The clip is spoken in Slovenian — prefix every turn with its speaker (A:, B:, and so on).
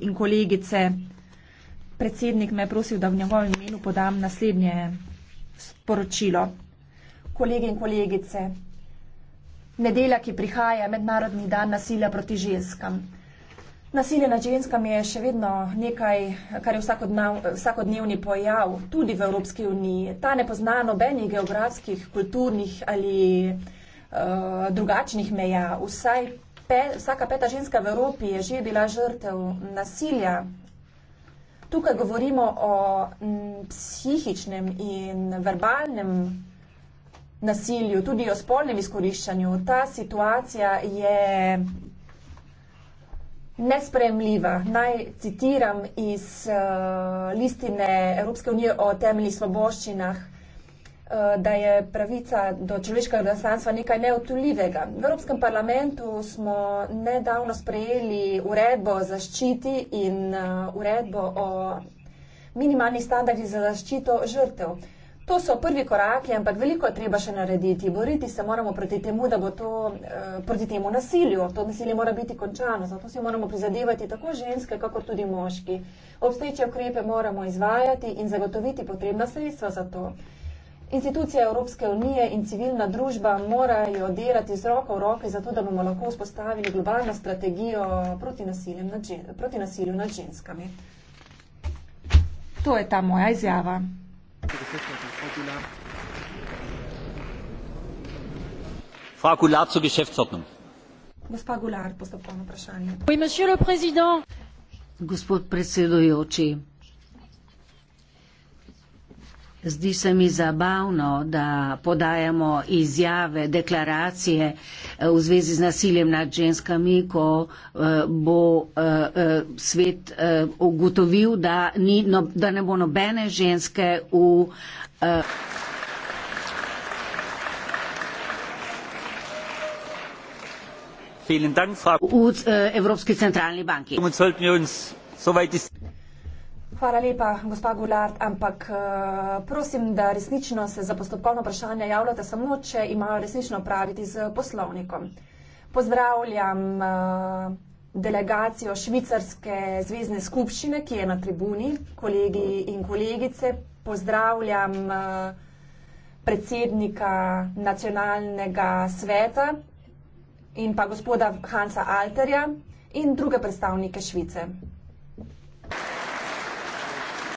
A: in kolegice. Predsednik me je prosil, da v njegovem imenu podam naslednje sporočilo. Kolegi in kolegice, nedelja, ki prihaja, je mednarodni dan nasilja proti ženskam. Nasilje nad ženskami je še vedno nekaj, kar je vsakodnevni pojav tudi v Evropski uniji. Ta ne pozna nobenih geografskih, kulturnih ali uh, drugačnih meja. Vsaj pet, vsaka peta ženska v Evropi je že bila žrtev nasilja. Tukaj govorimo o psihičnem in verbalnem nasilju, tudi o spolnem izkoriščanju. Ta situacija je nespremljiva. Naj citiram iz uh, listine Evropske unije o temeljih svoboščinah. Eh, da je pravica do človeškega dostanstva nekaj neotuljivega. V Evropskem parlamentu smo nedavno sprejeli uredbo o zaščiti in eh, uredbo o minimalnih standardih za zaščito žrtev. To so prvi koraki, ampak veliko je treba še narediti. Boriti se moramo proti temu, da bo to eh, proti temu nasilju. To nasilje mora biti končano, zato si moramo prizadevati tako ženske, kakor tudi moški. Obstoječe ukrepe moramo izvajati in zagotoviti potrebna sredstva za to. Institucije Evropske unije in civilna družba morajo delati z roko v roki, zato da bomo lahko vzpostavili globalno strategijo proti, nad, proti nasilju nad ženskami. To je ta moja izjava. Gospa Gulard, postopkovno vprašanje.
B: Gospod predsedujoči. Zdi se mi zabavno, da podajamo izjave, deklaracije eh, v zvezi z nasiljem nad ženskami, ko eh, bo eh, svet ugotovil, da, ni, no, da ne bo nobene ženske v. V Evropski centralni banki.
A: Hvala lepa, gospa Gulard, ampak eh, prosim, da resnično se za postopkovno vprašanje javljate samo, če imajo resnično praviti z poslovnikom. Pozdravljam eh, delegacijo Švicarske zvezdne skupščine, ki je na tribuni, kolegi in kolegice. Pozdravljam eh, predsednika nacionalnega sveta in pa gospoda Hansa Alterja in druge predstavnike Švice.